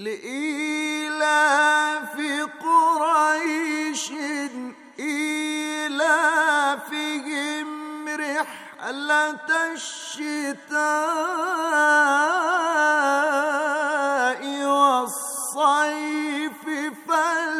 لإيلاف قريش إيلافهم رحلة الشتاء والصيف فل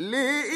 لئن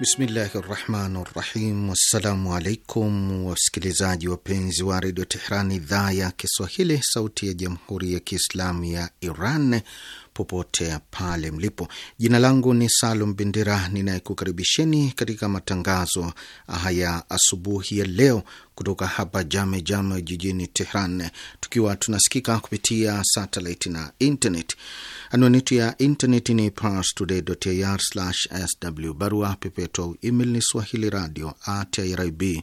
Bismillahi rahmani rahim. Wassalamu alaikum wasikilizaji wapenzi wa redio Tehran, idhaa ya Kiswahili, sauti ya jamhuri ya kiislamu ya Iran popote pale mlipo. Jina langu ni Salum bindira ninayekukaribisheni katika matangazo haya asubuhi ya leo kutoka hapa Jame Jame jijini Tehran, tukiwa tunasikika kupitia satellite na internet. Anwani yetu ya internet ni parstoday.ir/sw, barua pepe email ni swahili radio radio@irib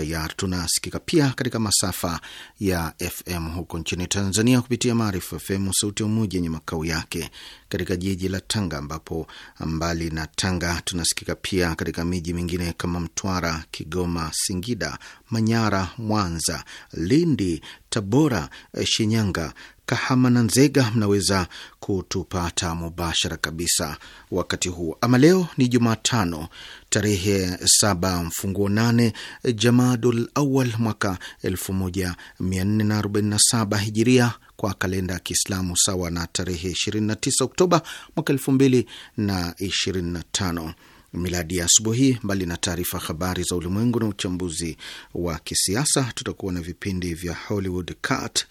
ya Tunasikika pia katika masafa ya FM huko nchini Tanzania kupitia Maarifa FM sauti ya Umoja yenye makao yake katika jiji la Tanga, ambapo mbali na Tanga tunasikika pia katika miji mingine kama Mtwara, Kigoma, Singida, Manyara, Mwanza, Lindi, Tabora, Shinyanga, Kahama na Nzega, mnaweza kutupata mubashara kabisa wakati huu. Ama leo ni Jumatano tarehe saba mfunguo nane Jamadul Awal mwaka saba hijiria kwa kalenda ya Kiislamu sawa na tarehe 29 Oktoba mwaka tano miladi ya asubuhi. Mbali na taarifa habari za ulimwengu na uchambuzi wa kisiasa, tutakuwa na vipindi vya Hollywood Cut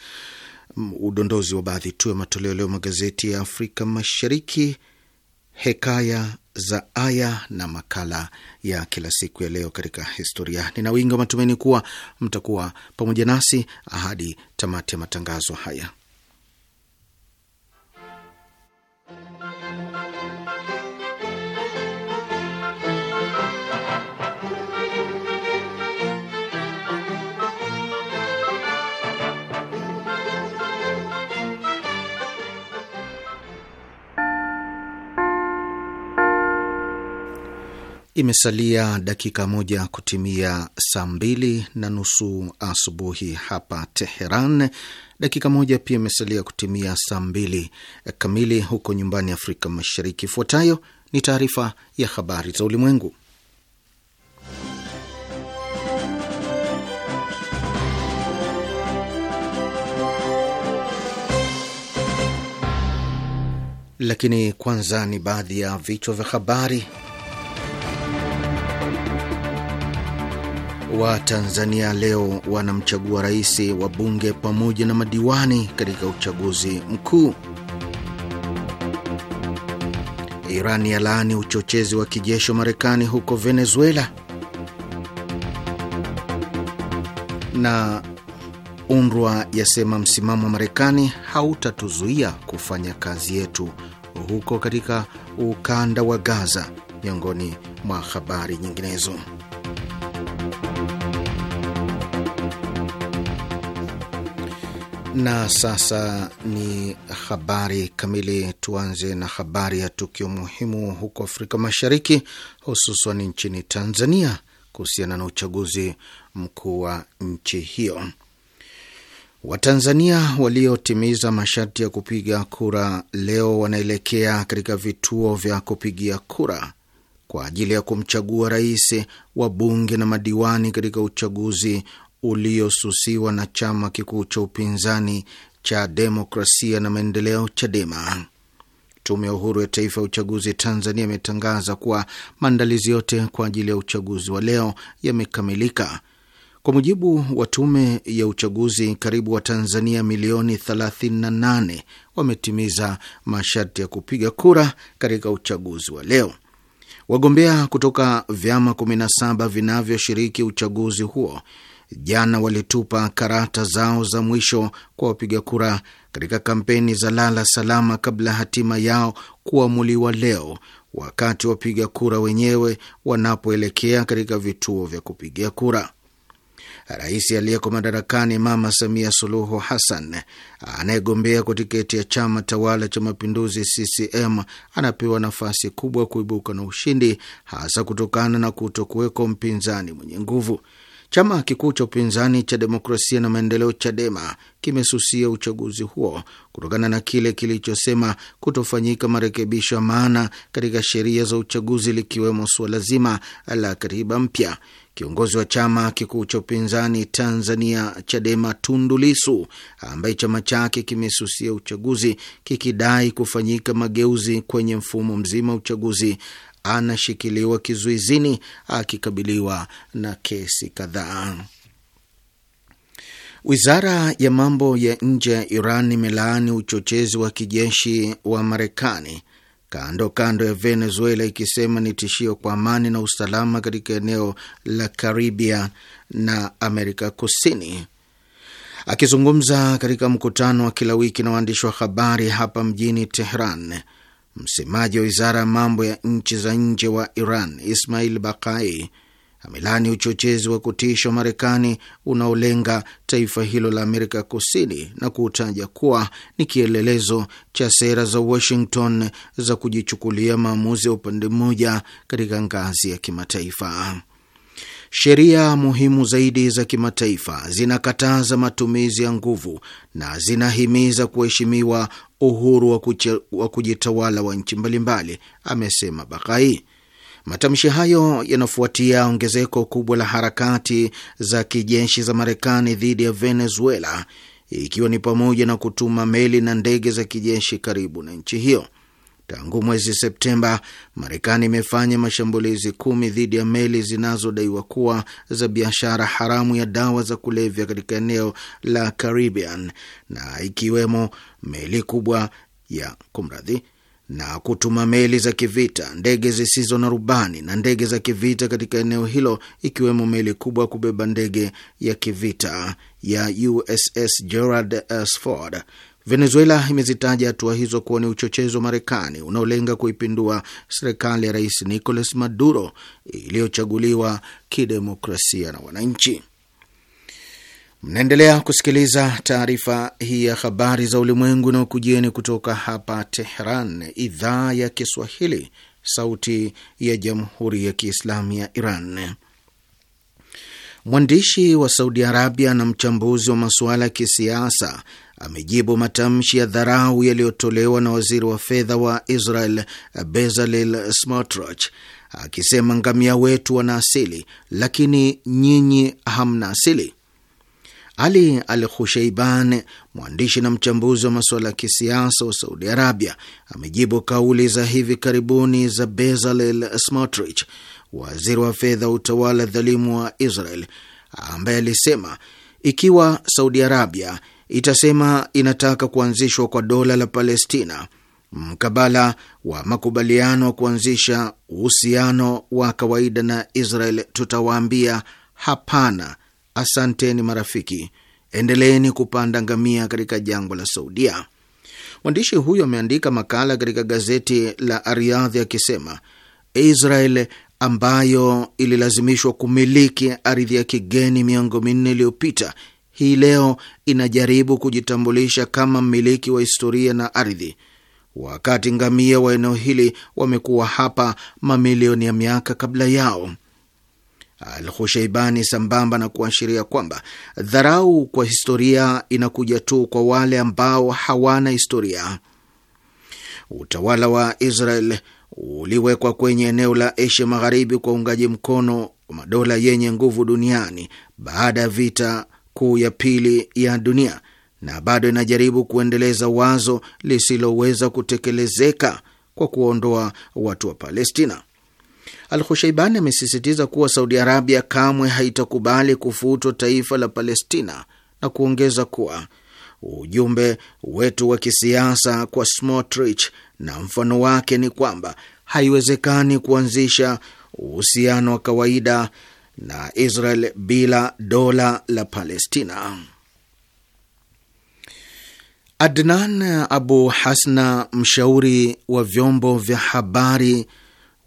udondozi wa baadhi tu ya matoleo leo magazeti ya Afrika Mashariki, hekaya za aya na makala ya kila siku ya leo katika historia. Nina wingi wa matumaini kuwa mtakuwa pamoja nasi hadi tamati ya matangazo haya. Imesalia dakika moja kutimia saa mbili na nusu asubuhi hapa Teheran. Dakika moja pia imesalia kutimia saa mbili kamili huko nyumbani Afrika Mashariki. Ifuatayo ni taarifa ya habari za ulimwengu, lakini kwanza ni baadhi ya vichwa vya habari. wa Tanzania leo wanamchagua rais, wa bunge pamoja na madiwani katika uchaguzi mkuu. Iran yalaani uchochezi wa kijeshi wa Marekani huko Venezuela. Na UNRWA yasema msimamo wa Marekani hautatuzuia kufanya kazi yetu huko katika ukanda wa Gaza, miongoni mwa habari nyinginezo. Na sasa ni habari kamili. Tuanze na habari ya tukio muhimu huko Afrika Mashariki, hususan nchini Tanzania, kuhusiana na uchaguzi mkuu wa nchi hiyo. Watanzania waliotimiza masharti ya kupiga kura leo wanaelekea katika vituo vya kupigia kura kwa ajili ya kumchagua rais, wabunge na madiwani katika uchaguzi uliosusiwa na chama kikuu cha upinzani cha demokrasia na maendeleo CHADEMA. Tume ya Uhuru ya Taifa ya Uchaguzi Tanzania imetangaza kuwa maandalizi yote kwa ajili ya uchaguzi wa leo yamekamilika. Kwa mujibu wa tume ya uchaguzi, karibu Watanzania milioni 38 wametimiza masharti ya kupiga kura katika uchaguzi wa leo. Wagombea kutoka vyama 17 vinavyoshiriki uchaguzi huo jana walitupa karata zao za mwisho kwa wapiga kura katika kampeni za lala salama kabla hatima yao kuamuliwa leo, wakati wapiga kura wenyewe wanapoelekea katika vituo vya kupigia kura. Rais aliyeko madarakani Mama Samia Suluhu Hassan anayegombea kwa tiketi ya chama tawala cha mapinduzi CCM anapewa nafasi kubwa kuibuka na ushindi, hasa kutokana na kutokuweko mpinzani mwenye nguvu. Chama kikuu cha upinzani cha demokrasia na maendeleo CHADEMA kimesusia uchaguzi huo kutokana na kile kilichosema kutofanyika marekebisho ya maana katika sheria za uchaguzi likiwemo suala zima la katiba mpya. Kiongozi wa chama kikuu cha upinzani Tanzania CHADEMA Tundu Lisu, ambaye chama chake kimesusia uchaguzi kikidai kufanyika mageuzi kwenye mfumo mzima wa uchaguzi, anashikiliwa kizuizini akikabiliwa na kesi kadhaa. Wizara ya mambo ya nje ya Iran imelaani uchochezi wa kijeshi wa Marekani kando kando ya Venezuela, ikisema ni tishio kwa amani na usalama katika eneo la Karibia na Amerika Kusini. Akizungumza katika mkutano wa kila wiki na waandishi wa habari hapa mjini Tehran, Msemaji wa wizara ya mambo ya nchi za nje wa Iran, Ismail Bakai, amelani uchochezi wa kutishwa Marekani unaolenga taifa hilo la Amerika Kusini na kuutaja kuwa ni kielelezo cha sera za Washington za kujichukulia maamuzi ya upande mmoja katika ngazi ya kimataifa. Sheria muhimu zaidi za kimataifa zinakataza matumizi ya nguvu na zinahimiza kuheshimiwa uhuru wa, kuche, wa kujitawala wa nchi mbalimbali, amesema Bakai. Matamshi hayo yanafuatia ongezeko kubwa la harakati za kijeshi za Marekani dhidi ya Venezuela, ikiwa ni pamoja na kutuma meli na ndege za kijeshi karibu na nchi hiyo. Tangu mwezi Septemba, Marekani imefanya mashambulizi kumi dhidi ya meli zinazodaiwa kuwa za biashara haramu ya dawa za kulevya katika eneo la Caribbean na ikiwemo meli kubwa ya kumradhi, na kutuma meli za kivita, ndege zisizo na rubani na ndege za kivita katika eneo hilo, ikiwemo meli kubwa kubeba ndege ya kivita ya USS Gerald S. Ford Venezuela imezitaja hatua hizo kuwa ni uchochezi wa Marekani unaolenga kuipindua serikali ya Rais Nicolas Maduro iliyochaguliwa kidemokrasia na wananchi. Mnaendelea kusikiliza taarifa hii ya habari za ulimwengu na ukujieni kutoka hapa Tehran, idhaa ya Kiswahili, sauti ya jamhuri ya kiislamu ya Iran. Mwandishi wa Saudi Arabia na mchambuzi wa masuala ya kisiasa amejibu matamshi ya dharau yaliyotolewa na waziri wa fedha wa Israel Bezalel Smotrich akisema ngamia wetu wana asili, lakini nyinyi hamna asili. Ali Al husheiban mwandishi na mchambuzi wa masuala ya kisiasa wa Saudi Arabia, amejibu kauli za hivi karibuni za Bezalel Smotrich, waziri wa fedha wa utawala dhalimu wa Israel, ambaye alisema ikiwa Saudi Arabia itasema inataka kuanzishwa kwa dola la Palestina mkabala wa makubaliano wa kuanzisha uhusiano wa kawaida na Israel, tutawaambia hapana, asanteni marafiki, endeleeni kupanda ngamia katika jangwa la Saudia. Mwandishi huyo ameandika makala katika gazeti la Ariadhi akisema Israel ambayo ililazimishwa kumiliki ardhi ya kigeni miongo minne iliyopita hii leo inajaribu kujitambulisha kama mmiliki wa historia na ardhi, wakati ngamia wa eneo hili wamekuwa hapa mamilioni ya miaka kabla yao. al husheibani sambamba na kuashiria kwamba dharau kwa historia inakuja tu kwa wale ambao hawana historia, utawala wa Israel uliwekwa kwenye eneo la Asia Magharibi kwa uungaji mkono wa madola yenye nguvu duniani baada ya vita Kuu ya Pili ya Dunia, na bado inajaribu kuendeleza wazo lisiloweza kutekelezeka kwa kuondoa watu wa Palestina. Al Husheibani amesisitiza kuwa Saudi Arabia kamwe haitakubali kufutwa taifa la Palestina na kuongeza kuwa ujumbe wetu wa kisiasa kwa Smotrich na mfano wake ni kwamba haiwezekani kuanzisha uhusiano wa kawaida na Israel bila dola la Palestina. Adnan Abu Hasna, mshauri wa vyombo vya habari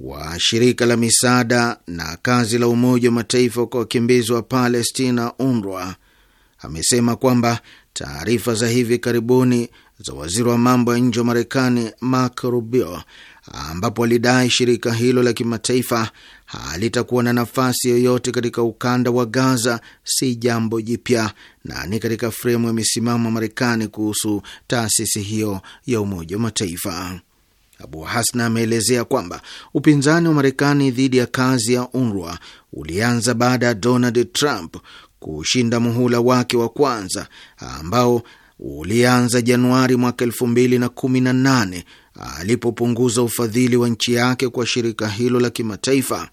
wa shirika la misaada na kazi la Umoja wa Mataifa kwa wakimbizi wa Palestina, UNRWA, amesema kwamba taarifa za hivi karibuni za waziri wa mambo ya nje wa Marekani Mark Rubio, ambapo alidai shirika hilo la kimataifa halitakuwa na nafasi yoyote katika ukanda wa Gaza si jambo jipya na ni katika fremu ya misimamo ya Marekani kuhusu taasisi hiyo ya Umoja wa Mataifa. Abu hasan ameelezea kwamba upinzani wa Marekani dhidi ya kazi ya UNRWA ulianza baada ya Donald Trump kushinda muhula wake wa kwanza ambao ulianza Januari mwaka elfu mbili na kumi na nane alipopunguza ufadhili wa nchi yake kwa shirika hilo la kimataifa.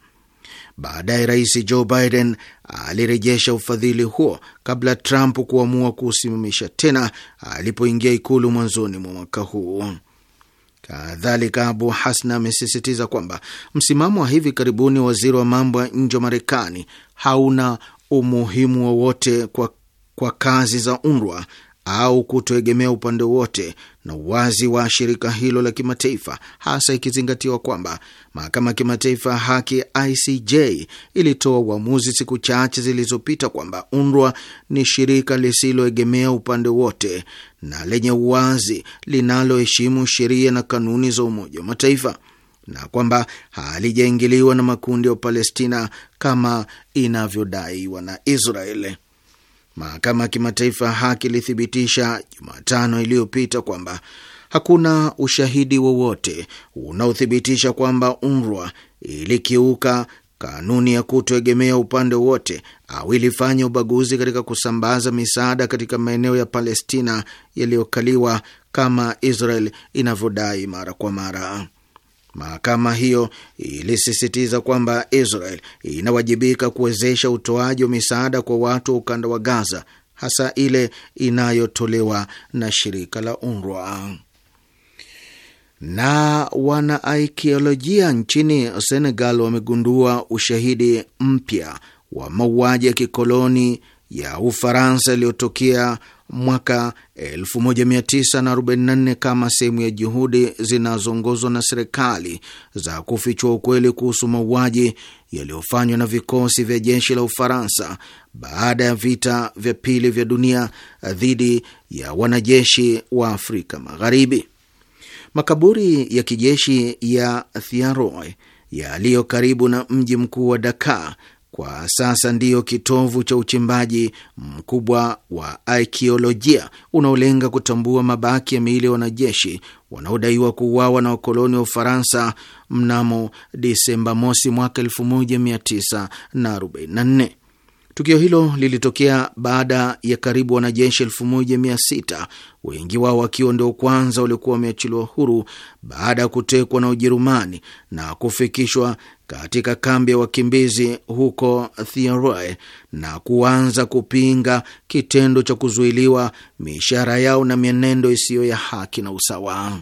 Baadaye Rais Joe Biden alirejesha ufadhili huo kabla Trump kuamua kuusimamisha tena alipoingia ikulu mwanzoni mwa mwaka huu. Kadhalika, Abu Hasna amesisitiza kwamba msimamo wa hivi karibuni waziri wa mambo ya nje wa Marekani hauna umuhimu wowote kwa, kwa kazi za UNRWA au kutoegemea upande wote na uwazi wa shirika hilo la kimataifa, hasa ikizingatiwa kwamba mahakama ya kimataifa ya haki ICJ ilitoa uamuzi siku chache zilizopita kwamba UNRWA ni shirika lisiloegemea upande wote na lenye uwazi linaloheshimu sheria na kanuni za Umoja wa Mataifa na kwamba halijaingiliwa na makundi ya Palestina kama inavyodaiwa na Israeli. Mahakama ya Kimataifa ya Haki ilithibitisha Jumatano iliyopita kwamba hakuna ushahidi wowote unaothibitisha kwamba UNRWA ilikiuka kanuni ya kutoegemea upande wowote au ilifanya ubaguzi katika kusambaza misaada katika maeneo ya Palestina yaliyokaliwa kama Israel inavyodai mara kwa mara. Mahakama hiyo ilisisitiza kwamba Israel inawajibika kuwezesha utoaji wa misaada kwa watu wa ukanda wa Gaza, hasa ile inayotolewa na shirika la UNRWA. Na wanaakiolojia nchini Senegal wamegundua ushahidi mpya wa mauaji ya kikoloni ya Ufaransa iliyotokea mwaka 1944 kama sehemu ya juhudi zinazoongozwa na serikali za kufichua ukweli kuhusu mauaji yaliyofanywa na vikosi vya jeshi la Ufaransa baada ya vita vya pili vya dunia dhidi ya wanajeshi wa Afrika Magharibi. Makaburi ya kijeshi ya Thiaroye yaliyo karibu na mji mkuu wa Dakar kwa sasa ndiyo kitovu cha uchimbaji mkubwa wa akiolojia unaolenga kutambua mabaki ya miili ya wanajeshi wanaodaiwa kuuawa na wakoloni wa Ufaransa mnamo Disemba mosi mwaka 1944. Tukio hilo lilitokea baada ya karibu wanajeshi 16 wengi wao wakiwa ndio kwanza waliokuwa wameachiliwa huru baada ya kutekwa na Ujerumani na kufikishwa katika kambi ya wakimbizi huko Thiaroye na kuanza kupinga kitendo cha kuzuiliwa mishahara yao na mienendo isiyo ya haki na usawa.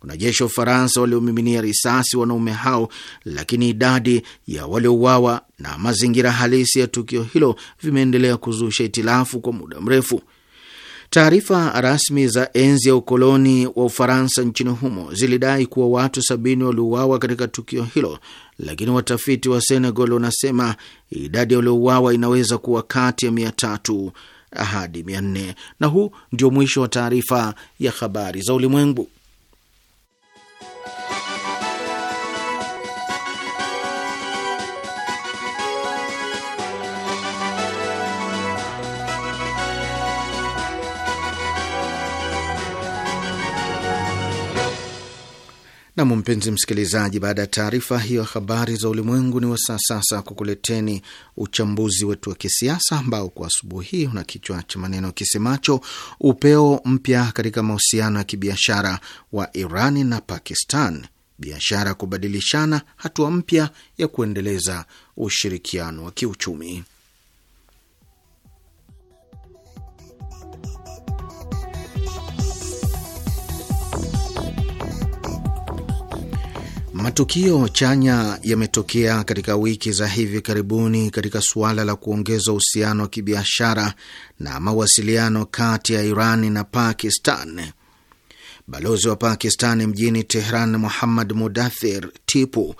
Wanajeshi wa Ufaransa waliomiminia risasi wanaume hao, lakini idadi ya waliouawa na mazingira halisi ya tukio hilo vimeendelea kuzusha itilafu kwa muda mrefu. Taarifa rasmi za enzi ya ukoloni wa Ufaransa nchini humo zilidai kuwa watu sabini waliuawa katika tukio hilo, lakini watafiti wa Senegal wanasema idadi waliouawa inaweza kuwa kati ya mia tatu hadi mia nne. Na huu ndio mwisho wa taarifa ya habari za ulimwengu. Nam, mpenzi msikilizaji, baada ya taarifa hiyo habari za ulimwengu, ni wasaa sasa kukuleteni uchambuzi wetu wa kisiasa ambao kwa asubuhi hii una kichwa cha maneno kisemacho upeo mpya katika mahusiano ya kibiashara wa Irani na Pakistan, biashara kubadilishana, hatua mpya ya kuendeleza ushirikiano wa kiuchumi. Matukio chanya yametokea katika wiki za hivi karibuni katika suala la kuongeza uhusiano wa kibiashara na mawasiliano kati ya Iran na Pakistan. Balozi wa Pakistan mjini Tehran, Muhammad Mudathir Tipu,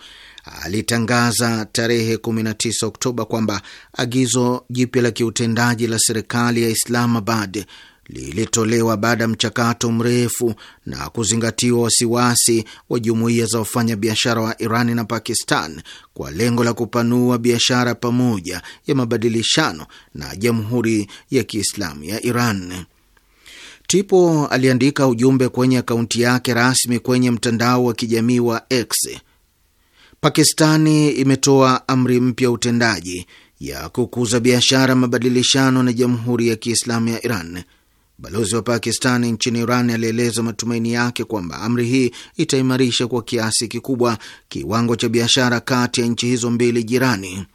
alitangaza tarehe 19 Oktoba kwamba agizo jipya la kiutendaji la serikali ya Islamabad lilitolewa baada ya mchakato mrefu na kuzingatiwa wasiwasi wa jumuiya za wafanyabiashara wa Iran na Pakistan kwa lengo la kupanua biashara pamoja ya mabadilishano na Jamhuri ya Kiislamu ya Iran. Tipo aliandika ujumbe kwenye akaunti yake rasmi kwenye mtandao wa kijamii wa X. Pakistani imetoa amri mpya utendaji ya kukuza biashara mabadilishano na Jamhuri ya Kiislamu ya Iran. Balozi wa Pakistani nchini Iran alieleza matumaini yake kwamba amri hii itaimarisha kwa kiasi kikubwa kiwango cha biashara kati ya nchi hizo mbili jirani.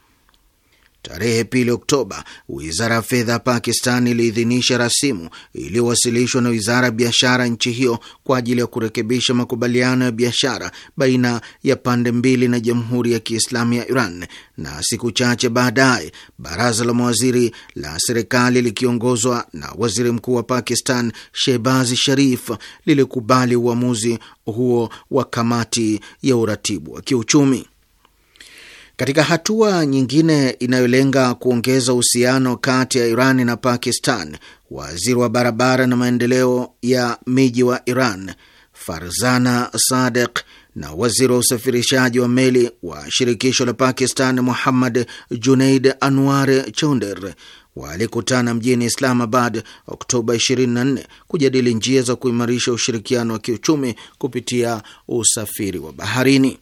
Tarehe pili Oktoba, wizara ya fedha ya Pakistan iliidhinisha rasimu iliyowasilishwa na wizara ya biashara nchi hiyo kwa ajili ya kurekebisha makubaliano ya biashara baina ya pande mbili na Jamhuri ya Kiislamu ya Iran, na siku chache baadaye baraza la mawaziri la serikali likiongozwa na waziri mkuu wa Pakistan Shehbaz Sharif lilikubali uamuzi huo wa kamati ya uratibu wa kiuchumi. Katika hatua nyingine inayolenga kuongeza uhusiano kati ya Iran na Pakistan, waziri wa barabara na maendeleo ya miji wa Iran Farzana Sadek na waziri wa usafirishaji wa meli wa shirikisho la Pakistan Muhammad Junaid Anwar Chounder walikutana mjini Islamabad Oktoba 24 kujadili njia za kuimarisha ushirikiano wa kiuchumi kupitia usafiri wa baharini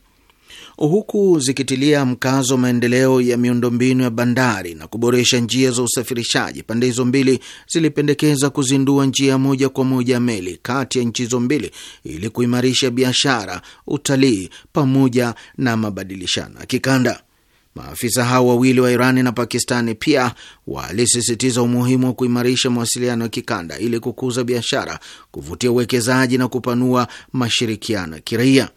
huku zikitilia mkazo maendeleo ya miundombinu ya bandari na kuboresha njia za usafirishaji. Pande hizo mbili zilipendekeza kuzindua njia moja kwa moja ya meli kati ya nchi hizo mbili ili kuimarisha biashara, utalii pamoja na mabadilishano ya kikanda. Maafisa hao wawili wa Irani na Pakistani pia walisisitiza umuhimu wa kuimarisha mawasiliano ya kikanda ili kukuza biashara, kuvutia uwekezaji na kupanua mashirikiano ya kiraia.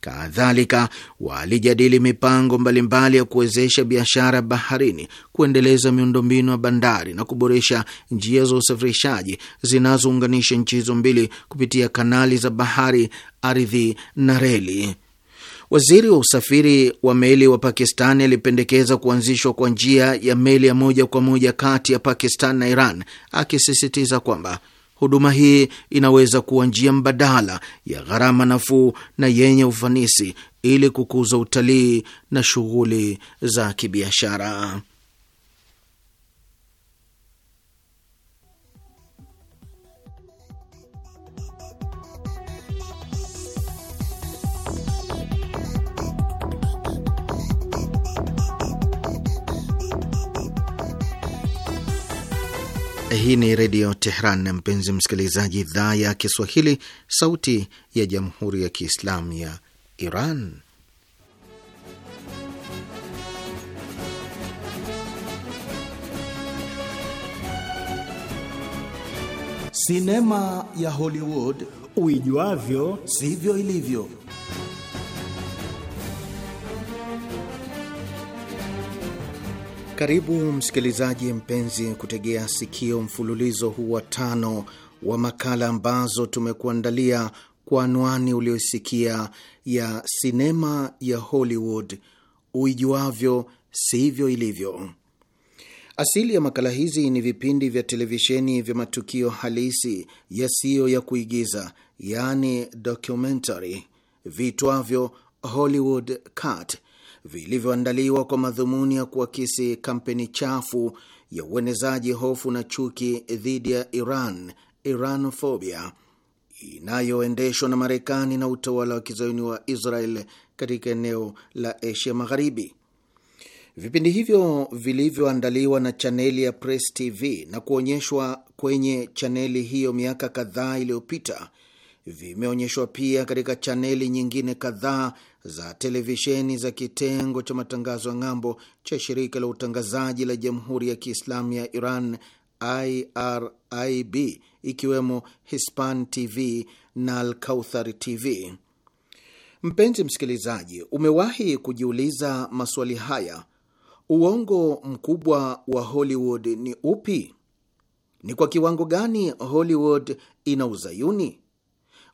Kadhalika walijadili mipango mbalimbali ya kuwezesha biashara baharini, kuendeleza miundombinu ya bandari na kuboresha njia za usafirishaji zinazounganisha nchi hizo mbili kupitia kanali za bahari, ardhi na reli. Waziri wa usafiri wa meli wa Pakistani alipendekeza kuanzishwa kwa njia ya meli ya moja kwa moja kati ya Pakistan na Iran, akisisitiza kwamba Huduma hii inaweza kuwa njia mbadala ya gharama nafuu na yenye ufanisi ili kukuza utalii na shughuli za kibiashara. Hii ni Redio Tehran, mpenzi msikilizaji, idhaa ya Kiswahili, sauti ya Jamhuri ya Kiislamu ya Iran. Sinema ya Hollywood uijuavyo sivyo ilivyo. Karibu msikilizaji mpenzi, kutegea sikio mfululizo huu wa tano wa makala ambazo tumekuandalia kwa anwani uliyosikia ya sinema ya Hollywood uijuavyo sivyo ilivyo. Asili ya makala hizi ni vipindi vya televisheni vya matukio halisi yasiyo ya kuigiza, yaani documentary, viitwavyo Hollywood Cut vilivyoandaliwa kwa madhumuni ya kuakisi kampeni chafu ya uenezaji hofu na chuki dhidi ya Iran, Iranofobia, inayoendeshwa na Marekani na utawala wa kizayuni wa Israel katika eneo la Asia Magharibi. Vipindi hivyo vilivyoandaliwa na chaneli ya Press TV na kuonyeshwa kwenye chaneli hiyo miaka kadhaa iliyopita vimeonyeshwa pia katika chaneli nyingine kadhaa za televisheni za kitengo cha matangazo ya ng'ambo cha shirika la utangazaji la Jamhuri ya Kiislamu ya Iran IRIB ikiwemo Hispan TV na Alkauthar TV. Mpenzi msikilizaji, umewahi kujiuliza maswali haya? Uongo mkubwa wa Hollywood ni upi? Ni kwa kiwango gani Hollywood ina uzayuni?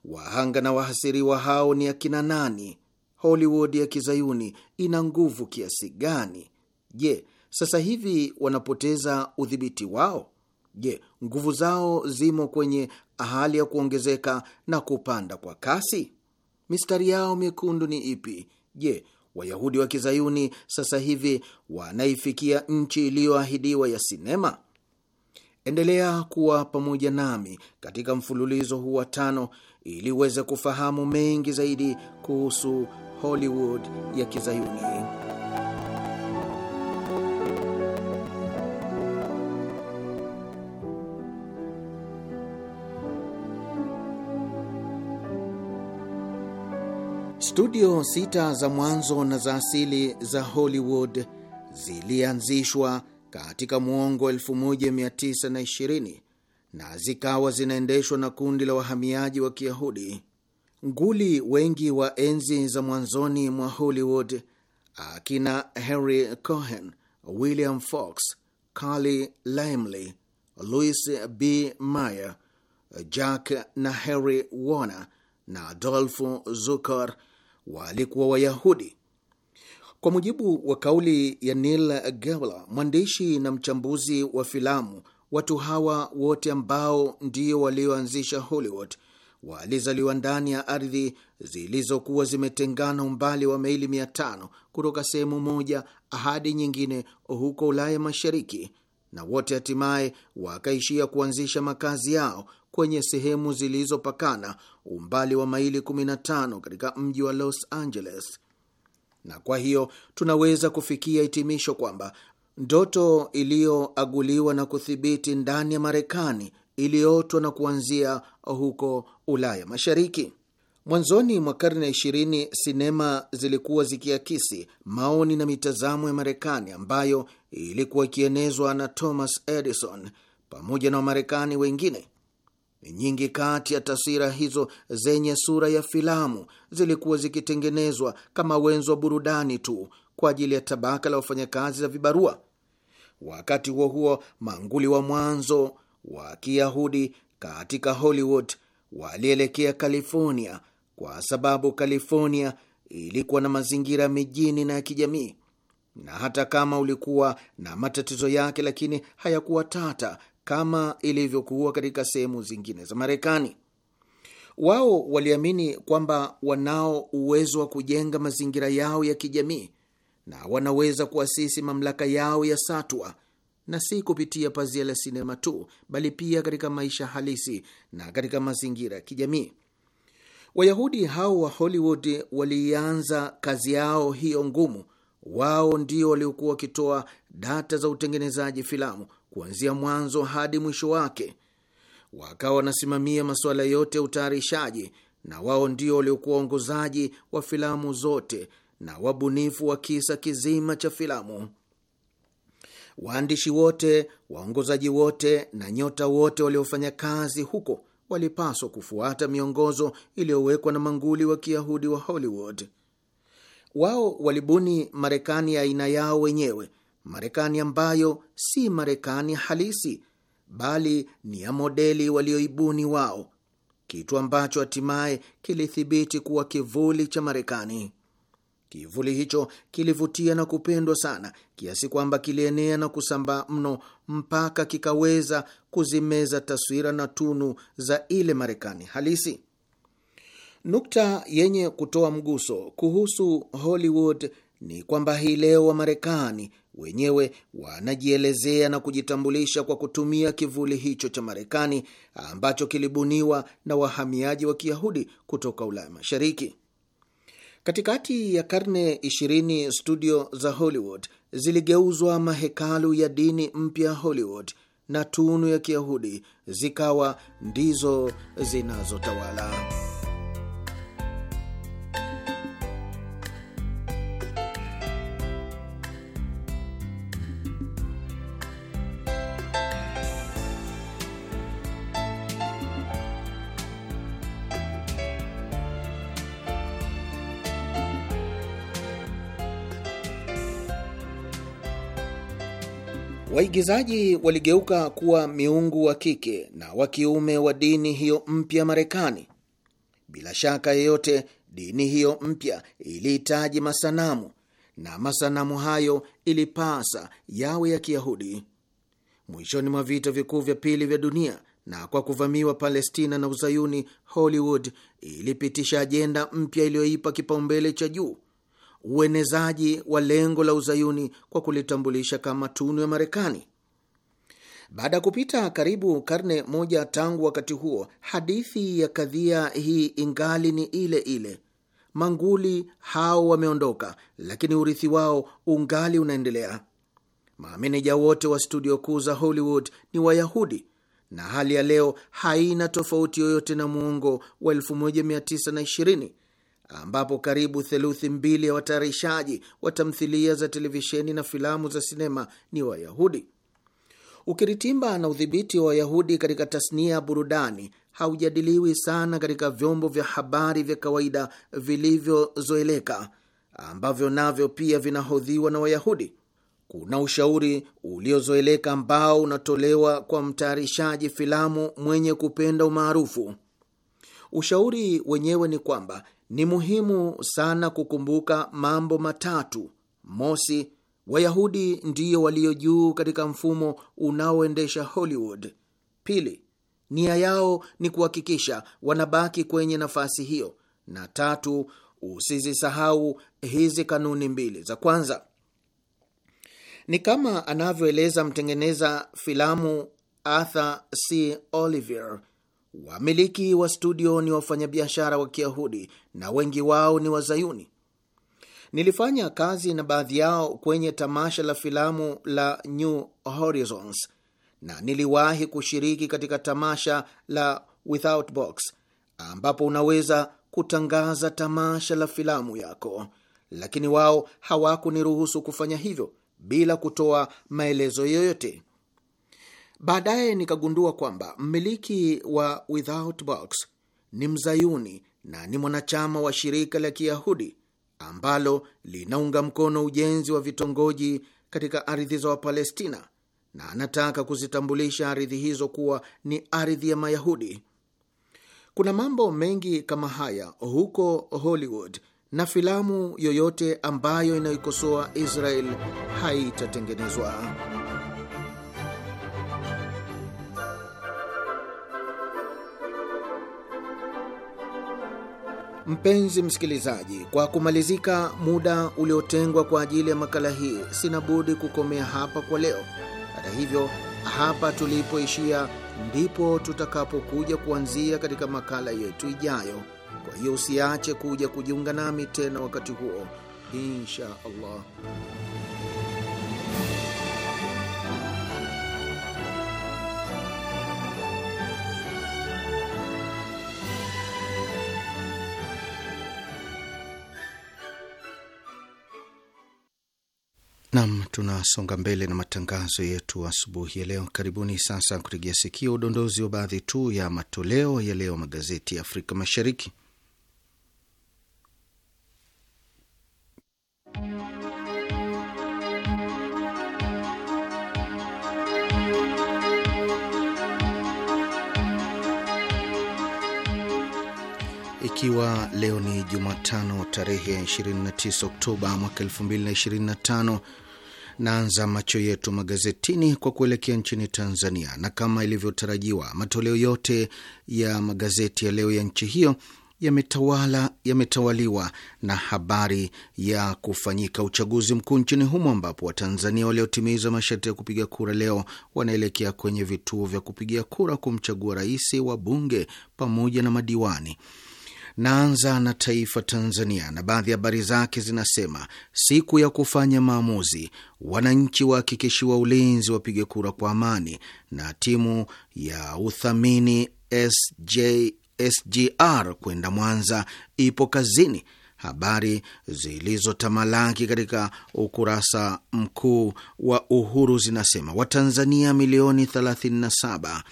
Wahanga na wahasiriwa hao ni akina nani? Hollywood ya kizayuni ina nguvu kiasi gani? Je, sasa hivi wanapoteza udhibiti wao? Je, nguvu zao zimo kwenye hali ya kuongezeka na kupanda kwa kasi? Mistari yao mekundu ni ipi? Je, Wayahudi wa kizayuni sasa hivi wanaifikia nchi iliyoahidiwa ya sinema? Endelea kuwa pamoja nami katika mfululizo huu wa tano ili uweze kufahamu mengi zaidi kuhusu Hollywood ya Kizayuni. Studio sita za mwanzo na za asili za Hollywood zilianzishwa katika mwongo 1920 na zikawa zinaendeshwa na kundi la wahamiaji wa Kiyahudi. Nguli wengi wa enzi za mwanzoni mwa Hollywood, akina Harry Cohen, William Fox, Carly Laemmle, Louis B. Mayer, Jack na Harry Warner na adolfu Zukor walikuwa Wayahudi kwa mujibu wa kauli ya Neil Gabler, mwandishi na mchambuzi wa filamu, watu hawa wote ambao ndio walioanzisha Hollywood walizaliwa ndani ya ardhi zilizokuwa zimetengana umbali wa maili mia tano kutoka sehemu moja hadi nyingine huko Ulaya Mashariki, na wote hatimaye wakaishia kuanzisha makazi yao kwenye sehemu zilizopakana umbali wa maili 15 katika mji wa Los Angeles na kwa hiyo tunaweza kufikia hitimisho kwamba ndoto iliyoaguliwa na kuthibiti ndani ya Marekani iliyotwa na kuanzia huko Ulaya Mashariki. Mwanzoni mwa karne ya ishirini, sinema zilikuwa zikiakisi maoni na mitazamo ya Marekani ambayo ilikuwa ikienezwa na Thomas Edison pamoja na Wamarekani wengine. Nyingi kati ya taswira hizo zenye sura ya filamu zilikuwa zikitengenezwa kama wenzo wa burudani tu kwa ajili ya tabaka la wafanyakazi za vibarua. Wakati huo huo, manguli wa mwanzo wa Kiyahudi katika Hollywood walielekea California kwa sababu California ilikuwa na mazingira mijini na ya kijamii, na hata kama ulikuwa na matatizo yake, lakini hayakuwa tata kama ilivyokuwa katika sehemu zingine za Marekani. Wao waliamini kwamba wanao uwezo wa kujenga mazingira yao ya kijamii na wanaweza kuasisi mamlaka yao ya satwa, na si kupitia pazia la sinema tu, bali pia katika maisha halisi na katika mazingira ya kijamii. Wayahudi hao wa Hollywood walianza kazi yao hiyo ngumu. Wao ndio waliokuwa wakitoa data za utengenezaji filamu kuanzia mwanzo hadi mwisho wake, wakawa wanasimamia masuala yote ya utayarishaji, na wao ndio waliokuwa waongozaji wa filamu zote na wabunifu wa kisa kizima cha filamu. Waandishi wote, waongozaji wote na nyota wote waliofanya kazi huko walipaswa kufuata miongozo iliyowekwa na manguli wa Kiyahudi wa Hollywood. Wao walibuni Marekani ya aina yao wenyewe Marekani ambayo si Marekani halisi bali ni ya modeli walioibuni wao, kitu ambacho hatimaye kilithibiti kuwa kivuli cha Marekani. Kivuli hicho kilivutia na kupendwa sana kiasi kwamba kilienea na kusambaa mno mpaka kikaweza kuzimeza taswira na tunu za ile Marekani halisi. Nukta yenye kutoa mguso kuhusu Hollywood ni kwamba hii leo wa marekani wenyewe wanajielezea na kujitambulisha kwa kutumia kivuli hicho cha Marekani ambacho kilibuniwa na wahamiaji wa Kiyahudi kutoka Ulaya Mashariki. Katikati ya karne 20 studio za Hollywood ziligeuzwa mahekalu ya dini mpya Hollywood, na tunu ya Kiyahudi zikawa ndizo zinazotawala. Waigizaji waligeuka kuwa miungu wa kike na wa kiume wa dini hiyo mpya Marekani. Bila shaka yeyote, dini hiyo mpya ilihitaji masanamu na masanamu hayo ilipasa yawe ya Kiyahudi. Mwishoni mwa vita vikuu vya pili vya dunia na kwa kuvamiwa Palestina na Uzayuni, Hollywood ilipitisha ajenda mpya iliyoipa kipaumbele cha juu uenezaji wa lengo la uzayuni kwa kulitambulisha kama tunu ya Marekani. Baada ya kupita karibu karne moja tangu wakati huo, hadithi ya kadhia hii ingali ni ile ile. Manguli hao wameondoka, lakini urithi wao ungali unaendelea. Maameneja wote wa studio kuu za Hollywood ni Wayahudi, na hali ya leo haina tofauti yoyote na muongo wa 1920 ambapo karibu theluthi mbili ya watayarishaji wa tamthilia za televisheni na filamu za sinema ni Wayahudi. Ukiritimba na udhibiti wa Wayahudi katika tasnia ya burudani haujadiliwi sana katika vyombo vya habari vya kawaida vilivyozoeleka ambavyo navyo pia vinahodhiwa na Wayahudi. Kuna ushauri uliozoeleka ambao unatolewa kwa mtayarishaji filamu mwenye kupenda umaarufu. Ushauri wenyewe ni kwamba ni muhimu sana kukumbuka mambo matatu. Mosi, Wayahudi ndiyo walio juu katika mfumo unaoendesha Hollywood. Pili, nia yao ni kuhakikisha wanabaki kwenye nafasi hiyo, na tatu, usizisahau hizi kanuni mbili za kwanza. Ni kama anavyoeleza mtengeneza filamu Arthur C Oliver Wamiliki wa studio ni wafanyabiashara wa Kiyahudi na wengi wao ni Wazayuni. Nilifanya kazi na baadhi yao kwenye tamasha la filamu la New Horizons na niliwahi kushiriki katika tamasha la Without Box ambapo unaweza kutangaza tamasha la filamu yako, lakini wao hawakuniruhusu kufanya hivyo bila kutoa maelezo yoyote. Baadaye nikagundua kwamba mmiliki wa Without Box ni mzayuni na ni mwanachama wa shirika la Kiyahudi ambalo linaunga mkono ujenzi wa vitongoji katika ardhi za Wapalestina na anataka kuzitambulisha ardhi hizo kuwa ni ardhi ya Mayahudi. Kuna mambo mengi kama haya huko Hollywood, na filamu yoyote ambayo inayoikosoa Israel haitatengenezwa. Mpenzi msikilizaji, kwa kumalizika muda uliotengwa kwa ajili ya makala hii, sina budi kukomea hapa kwa leo. Hata hivyo, hapa tulipoishia ndipo tutakapokuja kuanzia katika makala yetu ijayo. Kwa hiyo usiache kuja kujiunga nami tena wakati huo, insha Allah. Nam, tunasonga mbele na matangazo yetu asubuhi ya leo. Karibuni sasa kutegea sikia udondozi wa baadhi tu ya matoleo ya leo magazeti ya Afrika Mashariki. Ikiwa leo ni Jumatano tarehe 29 Oktoba mwaka 2025 Naanza macho yetu magazetini kwa kuelekea nchini Tanzania, na kama ilivyotarajiwa matoleo yote ya magazeti ya leo ya nchi hiyo yametawala yametawaliwa na habari ya kufanyika uchaguzi mkuu nchini humo, ambapo Watanzania waliotimiza masharti ya kupiga kura leo wanaelekea kwenye vituo vya kupigia kura kumchagua rais, wabunge pamoja na madiwani. Naanza na Taifa Tanzania, na baadhi ya habari zake zinasema: siku ya kufanya maamuzi, wananchi wahakikishiwa ulinzi, wapige kura kwa amani, na timu ya uthamini SJ, SGR kwenda Mwanza ipo kazini. Habari zilizotamalaki katika ukurasa mkuu wa Uhuru zinasema Watanzania milioni 37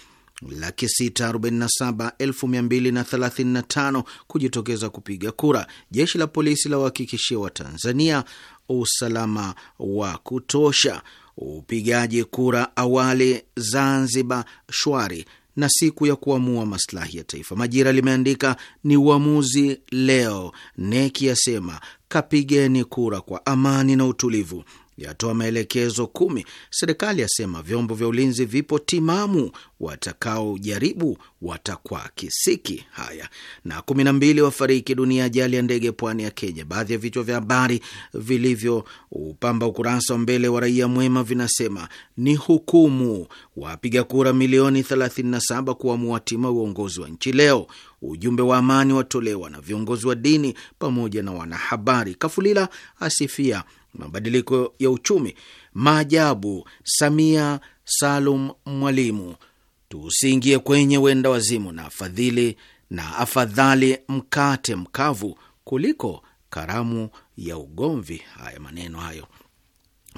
647,235 kujitokeza kupiga kura. Jeshi la polisi la wahakikishia wa Tanzania usalama wa kutosha. Upigaji kura awali Zanzibar shwari na siku ya kuamua maslahi ya taifa. Majira limeandika ni uamuzi leo. Neki yasema kapigeni kura kwa amani na utulivu yatoa maelekezo kumi. Serikali yasema vyombo vya ulinzi vipo timamu, watakaojaribu watakwa kisiki. Haya, na kumi na mbili wafariki dunia ajali ya ndege pwani ya Kenya. Baadhi ya vichwa vya habari vilivyoupamba ukurasa wa mbele wa Raia Mwema vinasema ni hukumu wapiga kura milioni 37 kuamua tima uongozi wa nchi leo. Ujumbe wa amani watolewa na viongozi wa dini pamoja na wanahabari. Kafulila asifia mabadiliko ya uchumi, maajabu, Samia Salum Mwalimu, tusiingie kwenye wenda wazimu, na afadhili na afadhali mkate mkavu kuliko karamu ya ugomvi. Haya maneno hayo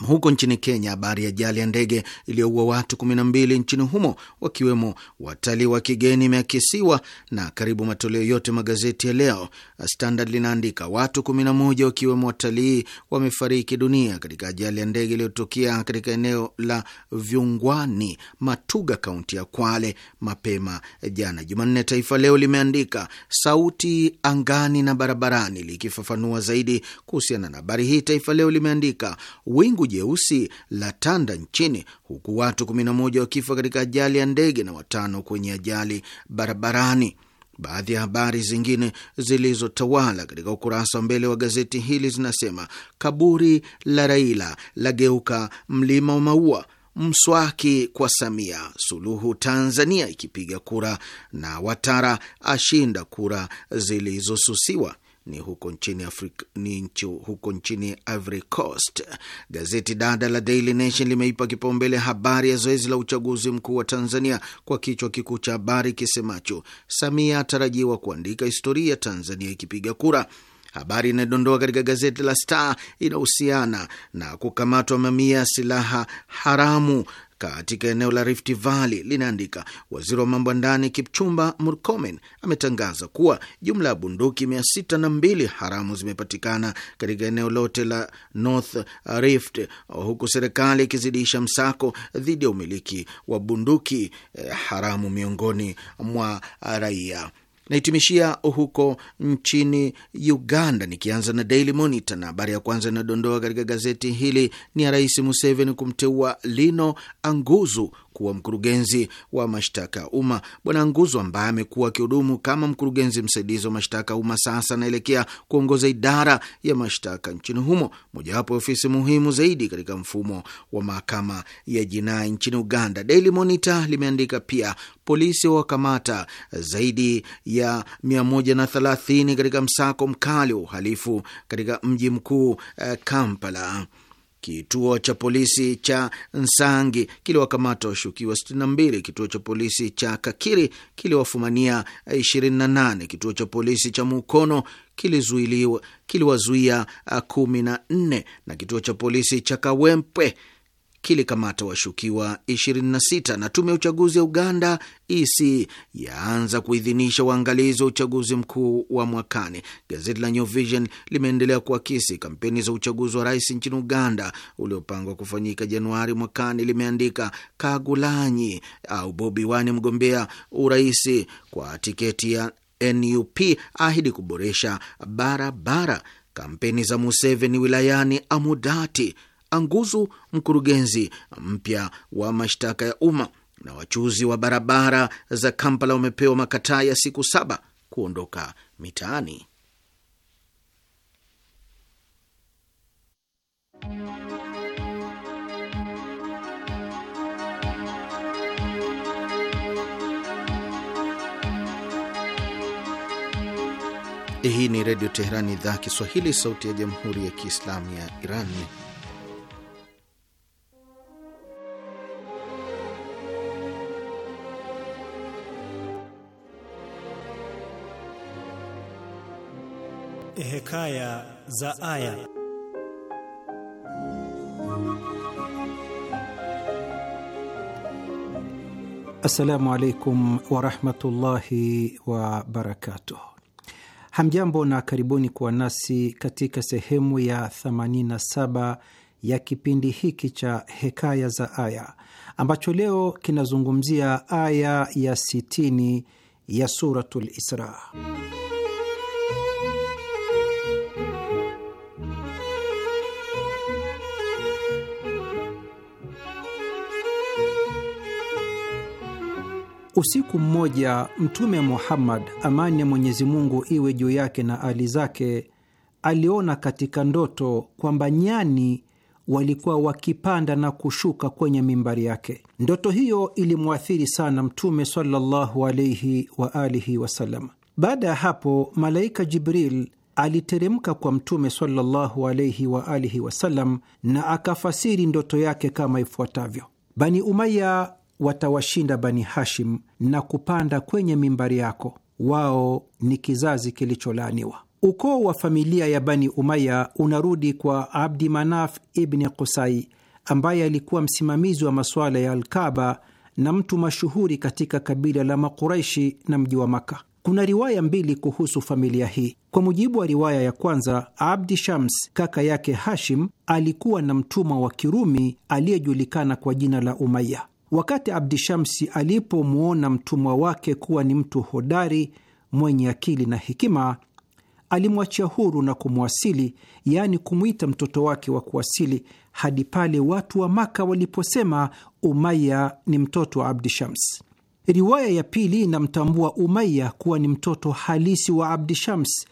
huko nchini Kenya, habari ya ajali ya ndege iliyoua watu 12 nchini humo wakiwemo watalii wa kigeni imeakisiwa na karibu matoleo yote magazeti ya leo. Standard linaandika watu 11 wakiwemo watalii wamefariki dunia katika ajali ya ndege iliyotokea katika eneo la Vyungwani, Matuga, kaunti ya Kwale mapema jana Jumanne. Taifa Leo limeandika sauti angani na barabarani. Likifafanua zaidi kuhusiana na habari hii, Taifa Leo limeandika wingu jeusi la tanda nchini huku watu 11 wakifa katika ajali ya ndege na watano kwenye ajali barabarani. Baadhi ya habari zingine zilizotawala katika ukurasa wa mbele wa gazeti hili zinasema kaburi la Raila lageuka mlima wa maua, mswaki kwa Samia Suluhu, Tanzania ikipiga kura, na Watara ashinda kura zilizosusiwa ni huko nchini Afrika, ni nchi, huko nchini Ivory Coast. Gazeti dada la Daily Nation limeipa kipaumbele habari ya zoezi la uchaguzi mkuu wa Tanzania kwa kichwa kikuu cha habari kisemacho Samia atarajiwa kuandika historia, Tanzania ikipiga kura. Habari inayodondoa katika gazeti la Star inahusiana na kukamatwa mamia ya silaha haramu katika eneo la Rift Valley linaandika, waziri wa mambo ya ndani Kipchumba Murkomen ametangaza kuwa jumla ya bunduki mia sita na mbili haramu zimepatikana katika eneo lote la North Rift, huku serikali ikizidisha msako dhidi ya umiliki wa bunduki eh, haramu miongoni mwa raia. Naitumishia huko nchini Uganda, nikianza na Daily Monitor, na habari ya kwanza inayodondoa katika gazeti hili ni ya Rais Museveni kumteua Lino Anguzu kuwa mkurugenzi wa mashtaka ya umma. Bwana Nguzo ambaye amekuwa akihudumu kama mkurugenzi msaidizi wa mashtaka ya umma sasa anaelekea kuongoza idara ya mashtaka nchini humo, mojawapo ya ofisi muhimu zaidi katika mfumo wa mahakama ya jinai nchini Uganda. Daily Monitor limeandika pia polisi wakamata zaidi ya 130 katika msako mkali wa uhalifu katika mji mkuu eh, Kampala. Kituo cha polisi cha Nsangi kiliwakamata washukiwa 62. Kituo cha polisi cha Kakiri kiliwafumania 28. Kituo cha polisi cha Mukono kiliwazuia 14 na kituo cha polisi cha Kawempe kilikamata washukiwa 26 na tume ya uchaguzi ya Uganda EC yaanza kuidhinisha uangalizi wa uchaguzi mkuu wa mwakani. Gazeti la New Vision limeendelea kuakisi kampeni za uchaguzi wa rais nchini Uganda uliopangwa kufanyika Januari mwakani. Limeandika Kagulanyi au Bobi Wine, mgombea urais kwa tiketi ya NUP, ahidi kuboresha barabara. Kampeni za Museveni wilayani Amudati Anguzu, mkurugenzi mpya wa mashtaka ya umma, na wachuzi wa barabara za Kampala wamepewa makataa ya siku saba kuondoka mitaani. Hii ni Redio Teherani, idhaa Kiswahili, sauti ya Jamhuri ya Kiislamu ya Iran. Hekaya za Aya. Assalamu alaikum warahmatullahi wabarakatuh. Hamjambo na karibuni kuwa nasi katika sehemu ya 87 ya kipindi hiki cha Hekaya za Aya ambacho leo kinazungumzia aya ya 60 ya Suratul Isra. Usiku mmoja Mtume Muhammad, amani ya Mwenyezi Mungu iwe juu yake na ali zake, aliona katika ndoto kwamba nyani walikuwa wakipanda na kushuka kwenye mimbari yake. Ndoto hiyo ilimwathiri sana Mtume sallallahu alaihi wa alihi wasallam. Baada ya hapo, malaika Jibril aliteremka kwa Mtume sallallahu alaihi wa alihi wasallam na akafasiri ndoto yake kama ifuatavyo: Bani Umaya watawashinda Bani Hashim na kupanda kwenye mimbari yako. Wao ni kizazi kilicholaaniwa. Ukoo wa familia ya Bani Umaya unarudi kwa Abdi Manaf ibni Qusai ambaye alikuwa msimamizi wa masuala ya Alkaba na mtu mashuhuri katika kabila la Makuraishi na mji wa Maka. Kuna riwaya mbili kuhusu familia hii. Kwa mujibu wa riwaya ya kwanza, Abdi Shams kaka yake Hashim alikuwa na mtumwa wa Kirumi aliyejulikana kwa jina la Umaya. Wakati Abdishamsi alipomwona mtumwa wake kuwa ni mtu hodari mwenye akili na hekima, alimwachia huru na kumwasili, yaani kumwita mtoto wake wa kuwasili, hadi pale watu wa Maka waliposema Umaya ni mtoto wa Abdishams. Riwaya ya pili inamtambua Umaya kuwa ni mtoto halisi wa Abdishams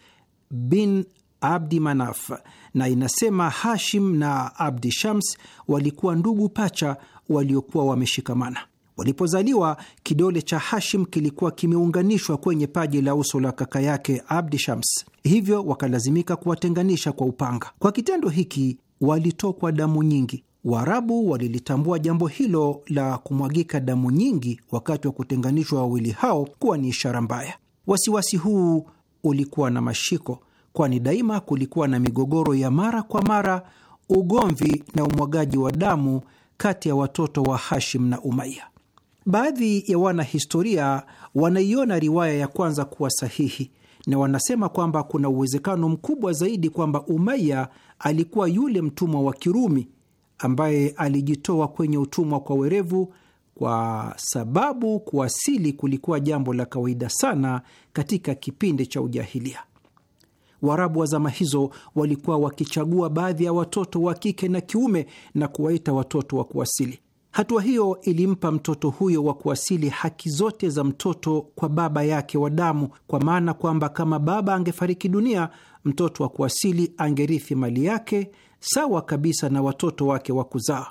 bin Abdi Manaf na inasema Hashim na Abdi Shams walikuwa ndugu pacha waliokuwa wameshikamana. Walipozaliwa, kidole cha Hashim kilikuwa kimeunganishwa kwenye paji la uso la kaka yake Abdi Shams, hivyo wakalazimika kuwatenganisha kwa upanga. Kwa kitendo hiki walitokwa damu nyingi. Waarabu walilitambua jambo hilo la kumwagika damu nyingi wakati wa kutenganishwa wawili hao kuwa ni ishara mbaya. Wasiwasi huu ulikuwa na mashiko, kwani daima kulikuwa na migogoro ya mara kwa mara, ugomvi na umwagaji wa damu kati ya watoto wa Hashim na Umaya. Baadhi ya wanahistoria wanaiona riwaya ya kwanza kuwa sahihi na wanasema kwamba kuna uwezekano mkubwa zaidi kwamba Umaya alikuwa yule mtumwa wa Kirumi ambaye alijitoa kwenye utumwa kwa werevu, kwa sababu kuwasili kulikuwa jambo la kawaida sana katika kipindi cha ujahilia. Waarabu wa zama hizo walikuwa wakichagua baadhi ya watoto wa kike na kiume na kuwaita watoto wa kuwasili. Hatua hiyo ilimpa mtoto huyo wa kuwasili haki zote za mtoto kwa baba yake wa damu, kwa maana kwamba kama baba angefariki dunia, mtoto wa kuwasili angerithi mali yake sawa kabisa na watoto wake wa kuzaa,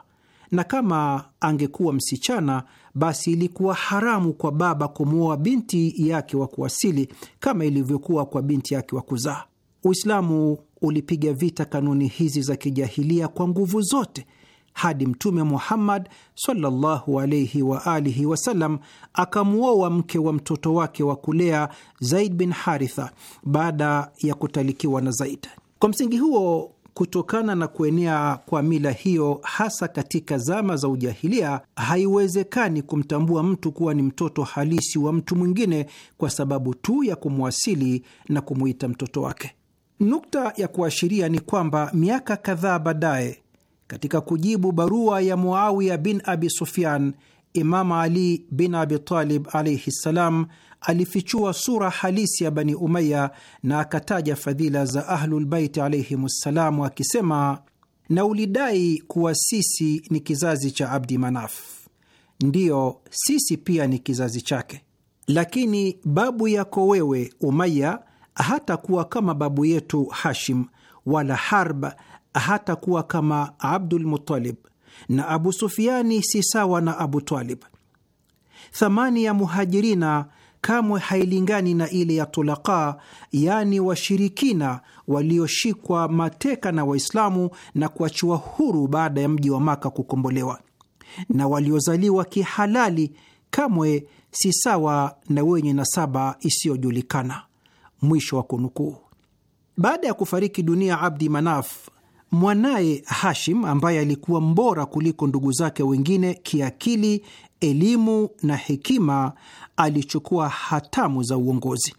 na kama angekuwa msichana, basi ilikuwa haramu kwa baba kumwoa binti yake wa kuwasili kama ilivyokuwa kwa binti yake wa kuzaa. Uislamu ulipiga vita kanuni hizi za kijahilia kwa nguvu zote hadi Mtume Muhammad sallallahu wa alihi wasallam akamwoa mke wa mtoto wake wa kulea Zaid bin Haritha baada ya kutalikiwa na Zaid. Kwa msingi huo, kutokana na kuenea kwa mila hiyo hasa katika zama za ujahilia, haiwezekani kumtambua mtu kuwa ni mtoto halisi wa mtu mwingine kwa sababu tu ya kumwasili na kumuita mtoto wake. Nukta ya kuashiria ni kwamba miaka kadhaa baadaye, katika kujibu barua ya Muawiya bin Abi Sufyan, Imam Ali bin Abi Talib alaihi ssalam alifichua sura halisi ya Bani Umaya na akataja fadhila za Ahlulbaiti alaihim ssalamu, akisema na ulidai kuwa sisi ni kizazi cha Abdi Manaf. Ndiyo, sisi pia ni kizazi chake, lakini babu yako wewe Umaya hata kuwa kama babu yetu Hashim, wala Harb kuwa kama Abdul mutalib na Abu Sufiani si sawa na Abu Talib. Thamani ya Muhajirina kamwe hailingani na ile ya tulaka, yaani washirikina walioshikwa mateka na Waislamu na kuachiwa huru baada ya mji wa Maka kukombolewa, na waliozaliwa kihalali kamwe si sawa na wenye nasaba isiyojulikana. Mwisho wa kunukuu. Baada ya kufariki dunia Abdi Manaf, mwanaye Hashim ambaye alikuwa mbora kuliko ndugu zake wengine kiakili, elimu na hekima, alichukua hatamu za uongozi.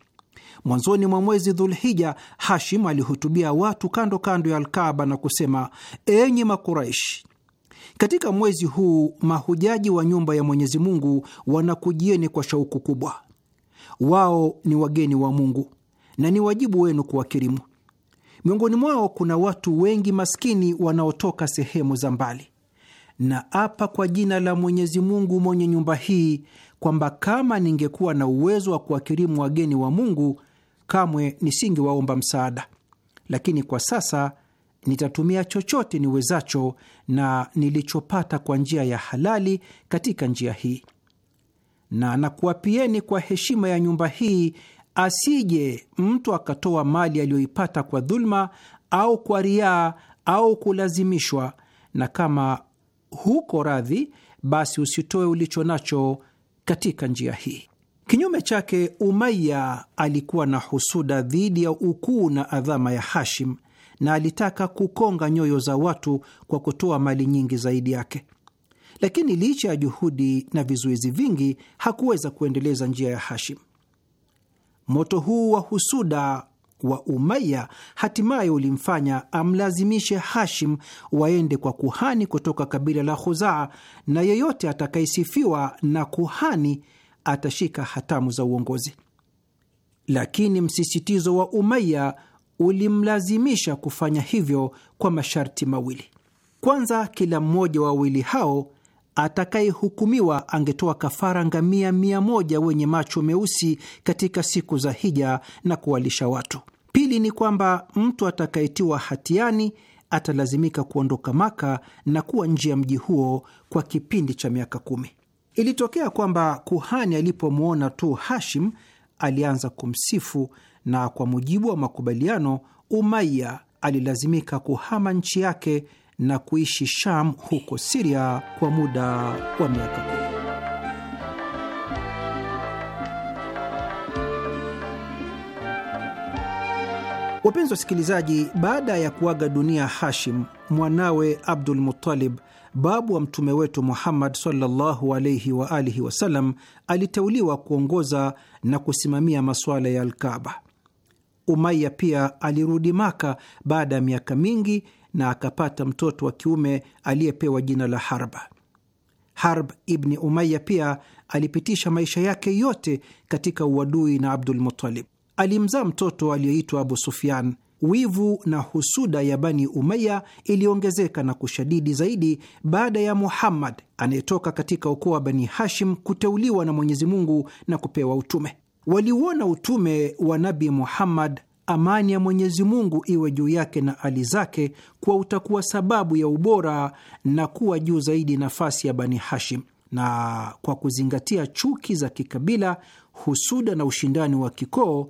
Mwanzoni mwa mwezi Dhulhija, Hashim alihutubia watu kando kando ya Alkaba na kusema: enyi Makuraishi, katika mwezi huu mahujaji wa nyumba ya Mwenyezi Mungu wanakujieni kwa shauku kubwa. Wao ni wageni wa Mungu na ni wajibu wenu kuwakirimu. Miongoni mwao kuna watu wengi maskini wanaotoka sehemu za mbali, na apa kwa jina la Mwenyezi Mungu mwenye nyumba hii kwamba kama ningekuwa na uwezo wa kuwakirimu wageni wa Mungu kamwe nisingewaomba msaada, lakini kwa sasa nitatumia chochote niwezacho na nilichopata kwa njia ya halali katika njia hii, na nakuapieni kwa heshima ya nyumba hii asije mtu akatoa mali aliyoipata kwa dhuluma au kwa riaa au kulazimishwa, na kama huko radhi, basi usitoe ulicho nacho katika njia hii. Kinyume chake, Umaya alikuwa na husuda dhidi ya ukuu na adhama ya Hashim na alitaka kukonga nyoyo za watu kwa kutoa mali nyingi zaidi yake, lakini licha ya juhudi na vizuizi vingi hakuweza kuendeleza njia ya Hashim. Moto huu wa husuda wa Umaya hatimaye ulimfanya amlazimishe Hashim waende kwa kuhani kutoka kabila la Khuzaa, na yeyote atakayesifiwa na kuhani atashika hatamu za uongozi. Lakini msisitizo wa Umaya ulimlazimisha kufanya hivyo kwa masharti mawili. Kwanza, kila mmoja wawili hao atakayehukumiwa angetoa kafara ngamia mia moja wenye macho meusi katika siku za hija na kuwalisha watu. Pili ni kwamba mtu atakayetiwa hatiani atalazimika kuondoka Maka na kuwa nje ya mji huo kwa kipindi cha miaka kumi. Ilitokea kwamba kuhani alipomwona tu Hashim alianza kumsifu, na kwa mujibu wa makubaliano, Umaya alilazimika kuhama nchi yake na kuishi Sham huko Siria kwa muda wa miaka kumi. Wapenzi wasikilizaji, baada ya kuaga dunia Hashim mwanawe Abdul Muttalib, babu wa mtume wetu Muhammad sallallahu wa alihi wasallam, aliteuliwa kuongoza na kusimamia masuala ya Alkaba. Umaya pia alirudi Maka baada ya miaka mingi na akapata mtoto wa kiume aliyepewa jina la Harba. Harb ibni Umaya pia alipitisha maisha yake yote katika uadui na Abdul Alimzaa mtoto aliyeitwa Abu Sufyan. Wivu na husuda ya Bani Umaya iliongezeka na kushadidi zaidi baada ya Muhammad anayetoka katika ukoo wa Bani Hashim kuteuliwa na Mwenyezi Mungu na kupewa utume. Waliuona utume wa Nabi Muhammad amani ya Mwenyezi Mungu iwe juu yake na ali zake, kuwa utakuwa sababu ya ubora na kuwa juu zaidi nafasi ya Bani Hashim, na kwa kuzingatia chuki za kikabila, husuda na ushindani wa kikoo,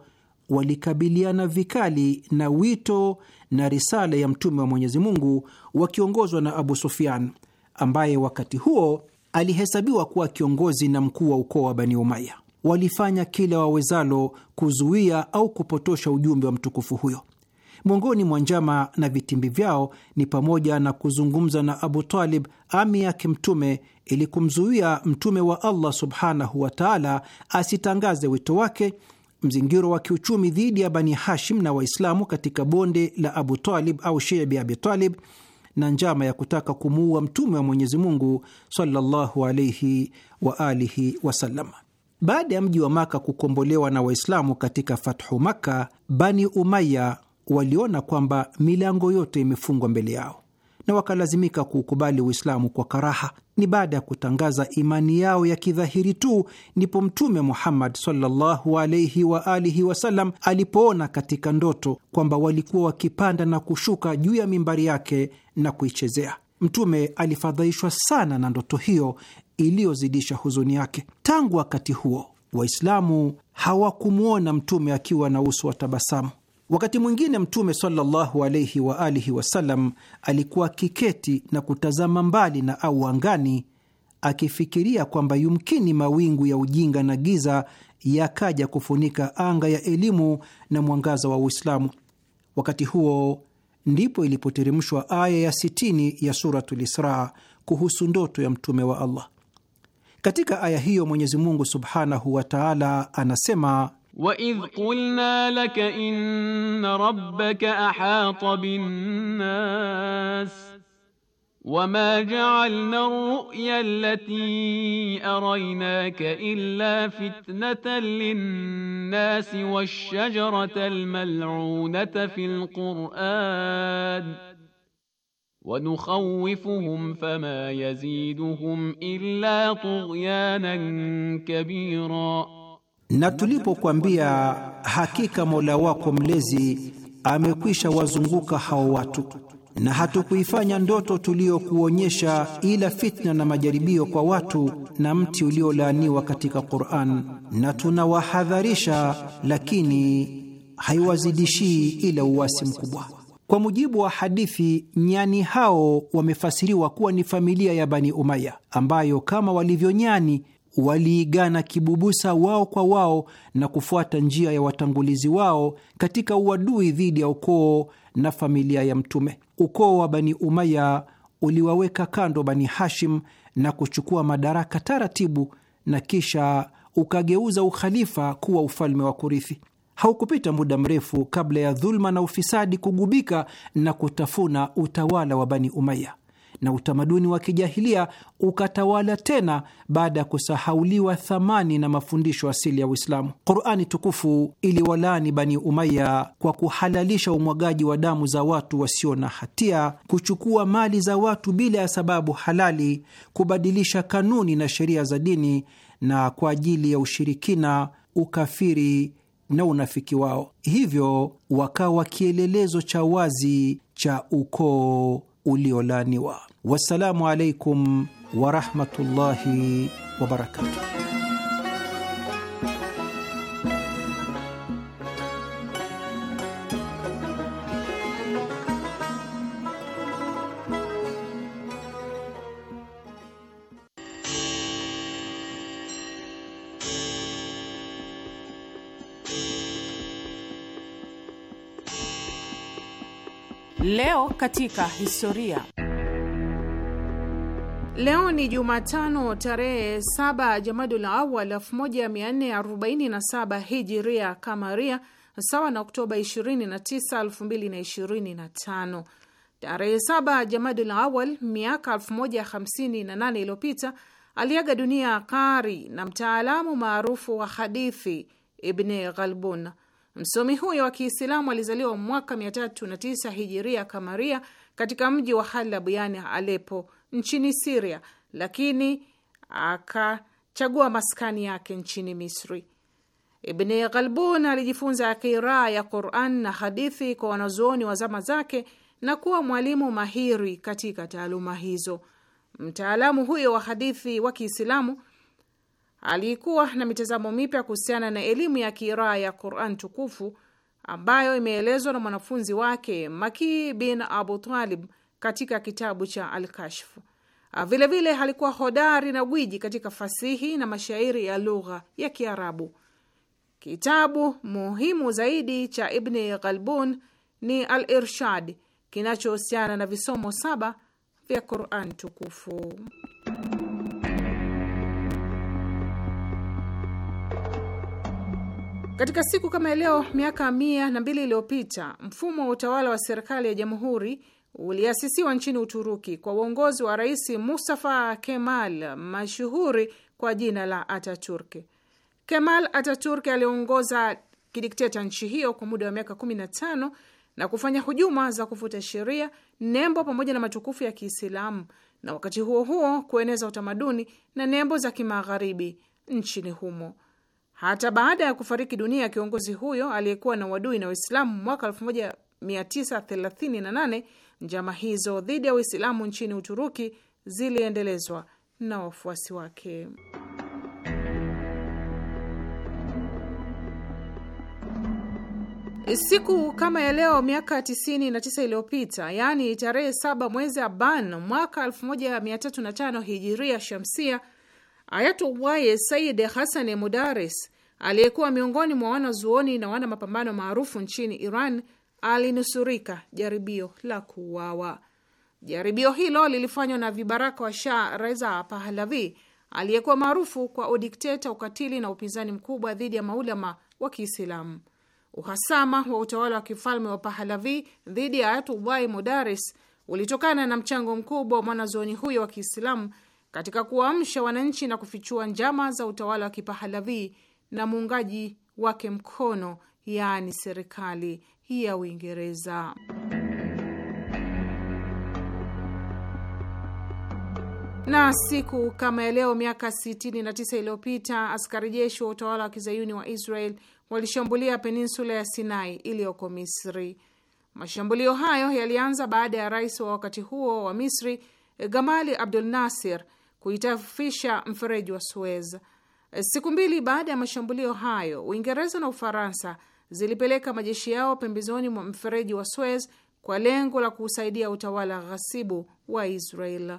walikabiliana vikali na wito na risala ya mtume wa Mwenyezi Mungu wakiongozwa na Abu Sufyan ambaye wakati huo alihesabiwa kuwa kiongozi na mkuu wa ukoo wa Bani Umaya walifanya kila wawezalo kuzuia au kupotosha ujumbe wa mtukufu huyo. Miongoni mwa njama na vitimbi vyao ni pamoja na kuzungumza na Abu Talib, ami yake Mtume, ili kumzuia Mtume wa Allah subhanahu wa taala asitangaze wito wake, mzingiro wa kiuchumi dhidi ya Bani Hashim na Waislamu katika bonde la Abu Talib au Shiibi Abi Talib, na njama ya kutaka kumuua Mtume wa Mwenyezi Mungu sallallahu alaihi wasallam. Baada ya mji wa Maka kukombolewa na Waislamu katika fathu Makka, Bani Umaya waliona kwamba milango yote imefungwa mbele yao na wakalazimika kuukubali Uislamu kwa karaha. Ni baada ya kutangaza imani yao ya kidhahiri tu ndipo Mtume Muhammad sallallahu alaihi wa alihi wasallam alipoona katika ndoto kwamba walikuwa wakipanda na kushuka juu ya mimbari yake na kuichezea. Mtume alifadhaishwa sana na ndoto hiyo iliyozidisha huzuni yake. Tangu wakati huo Waislamu hawakumwona mtume akiwa na uso wa tabasamu. Wakati mwingine mtume sallallahu alaihi wa alihi wasallam alikuwa akiketi na kutazama mbali na au angani, akifikiria kwamba yumkini mawingu ya ujinga na giza yakaja kufunika anga ya elimu na mwangaza wa Uislamu. Wakati huo ndipo ilipoteremshwa aya ya 60 ya Suratul Isra kuhusu ndoto ya mtume wa Allah. Katika aya hiyo Mwenyezi Mungu subhanahu wa taala anasema waidh qulna laka inna rabbaka ahata binnas wama jaalna ruya allati araynaka illa fitnatan linnasi washajarata almal'unata fil Qur'an ونخوفهم فما يزيدهم illa tughyanan kabira, na tulipokuambia hakika Mola wako mlezi amekwisha wazunguka hao watu, na hatukuifanya ndoto tuliyokuonyesha ila fitna na majaribio kwa watu na mti uliolaaniwa katika Qur'an, na tunawahadharisha, lakini haiwazidishii ila uwasi mkubwa. Kwa mujibu wa hadithi, nyani hao wamefasiriwa kuwa ni familia ya Bani Umaya ambayo kama walivyo nyani waliigana kibubusa wao kwa wao na kufuata njia ya watangulizi wao katika uadui dhidi ya ukoo na familia ya Mtume. Ukoo wa Bani Umaya uliwaweka kando Bani Hashim na kuchukua madaraka taratibu, na kisha ukageuza ukhalifa kuwa ufalme wa kurithi. Haukupita muda mrefu kabla ya dhuluma na ufisadi kugubika na kutafuna utawala wa Bani Umaya, na utamaduni wa kijahilia ukatawala tena baada ya kusahauliwa thamani na mafundisho asili ya Uislamu. Qurani tukufu iliwalaani Bani Umaya kwa kuhalalisha umwagaji wa damu za watu wasio na hatia, kuchukua mali za watu bila ya sababu halali, kubadilisha kanuni na sheria za dini, na kwa ajili ya ushirikina, ukafiri na unafiki wao, hivyo wakawa kielelezo cha wazi cha ukoo uliolaniwa. Wassalamu alaikum warahmatullahi wabarakatuh. Leo katika historia. Leo ni Jumatano tarehe 7 Jamadul Awal 1447 Hijiria Kamaria, sawa na Oktoba 29, 2025. Tarehe 7 Jamadul Awal miaka 1058 iliyopita aliaga dunia kari na mtaalamu maarufu wa hadithi Ibni Ghalbun. Msomi huyo wa Kiislamu alizaliwa mwaka 309 hijiria kamaria katika mji wa Halab, yani Alepo, nchini Siria, lakini akachagua maskani yake nchini Misri. Ibni Ghalbun alijifunza kiraa ya Quran na hadithi kwa wanazuoni wa zama zake na kuwa mwalimu mahiri katika taaluma hizo. Mtaalamu huyo wa hadithi wa Kiislamu alikuwa na mitazamo mipya kuhusiana na elimu ya kiraa ya Quran tukufu ambayo imeelezwa na mwanafunzi wake Maki bin Abu Talib katika kitabu cha Al-Kashf. Vilevile ah, alikuwa hodari na gwiji katika fasihi na mashairi ya lugha ya Kiarabu. Kitabu muhimu zaidi cha Ibni Ghalbun ni Al-Irshad kinachohusiana na visomo saba vya Quran tukufu. Katika siku kama leo miaka mia na mbili iliyopita mfumo wa utawala wa serikali ya jamhuri uliasisiwa nchini Uturuki kwa uongozi wa Rais Mustafa Kemal mashuhuri kwa jina la Ataturk. Kemal Ataturk aliongoza kidikteta nchi hiyo kwa muda wa miaka 15 na kufanya hujuma za kufuta sheria, nembo pamoja na matukufu ya Kiislamu, na wakati huo huo kueneza utamaduni na nembo za kimagharibi nchini humo. Hata baada ya kufariki dunia kiongozi huyo aliyekuwa na uadui na Uislamu mwaka 1938 njama hizo dhidi ya Uislamu nchini Uturuki ziliendelezwa na wafuasi wake. Siku kama ya leo miaka 99 iliyopita, yaani tarehe 7 mwezi Aban mwaka 1305 hijiria shamsia, Ayatullah Sayyid Hasani Mudaris aliyekuwa miongoni mwa wanazuoni na wana mapambano maarufu nchini Iran alinusurika jaribio la kuuawa. Jaribio hilo lilifanywa na vibaraka wa Shah Reza Pahlavi aliyekuwa maarufu kwa udikteta, ukatili na upinzani mkubwa dhidi ya maulama wa Kiislamu. Uhasama wa utawala wa kifalme wa Pahlavi dhidi ya Ayatullah Modares ulitokana na mchango mkubwa wa mwanazuoni huyo wa Kiislamu katika kuwaamsha wananchi na kufichua njama za utawala wa Kipahlavi na muungaji wake mkono, yaani serikali ya Uingereza. Na siku kama ya leo miaka 69 iliyopita askari jeshi wa utawala wa kizayuni wa Israel walishambulia peninsula ya Sinai iliyoko Misri. Mashambulio hayo yalianza baada ya rais wa wakati huo wa Misri Gamali Abdul Nasir kuitafisha mfereji wa Suez. Siku mbili baada ya mashambulio hayo, Uingereza na Ufaransa zilipeleka majeshi yao pembezoni mwa mfereji wa Suez kwa lengo la kuusaidia utawala ghasibu wa Israel.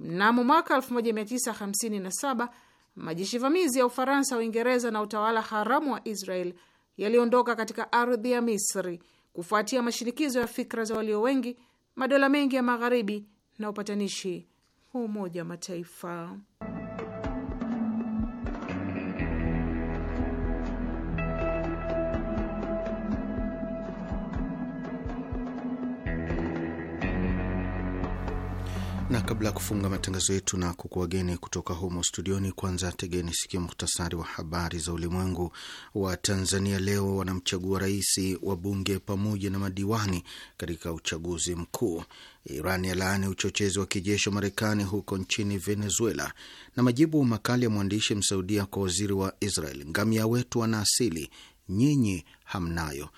Mnamo mwaka 1957 majeshi vamizi ya Ufaransa, Uingereza na utawala haramu wa Israel yaliondoka katika ardhi ya Misri kufuatia mashinikizo ya fikra za walio wengi, madola mengi ya Magharibi na upatanishi wa Umoja wa Mataifa. na kabla ya kufunga matangazo yetu na kukuwageni kutoka humo studioni, kwanza tegeni sikio muhtasari wa habari za ulimwengu. Wa Tanzania leo wanamchagua rais, wabunge pamoja na madiwani katika uchaguzi mkuu. Iran yalaani uchochezi wa kijeshi wa Marekani huko nchini Venezuela, na majibu makali ya mwandishi msaudia kwa waziri wa Israel. Ngamia wetu wana asili, nyinyi hamnayo.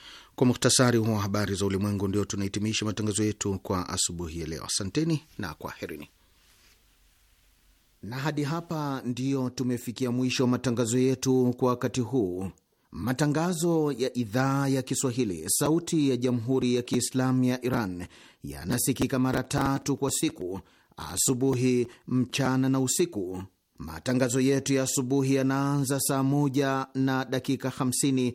Kwa muhtasari huo wa habari za ulimwengu, ndio tunahitimisha matangazo yetu kwa asubuhi ya leo. Asanteni na kwaherini. Na hadi hapa ndiyo tumefikia mwisho wa matangazo yetu kwa wakati huu. Matangazo ya idhaa ya Kiswahili, sauti ya jamhuri ya kiislamu ya Iran yanasikika mara tatu kwa siku: asubuhi, mchana na usiku. Matangazo yetu ya asubuhi yanaanza saa moja na dakika hamsini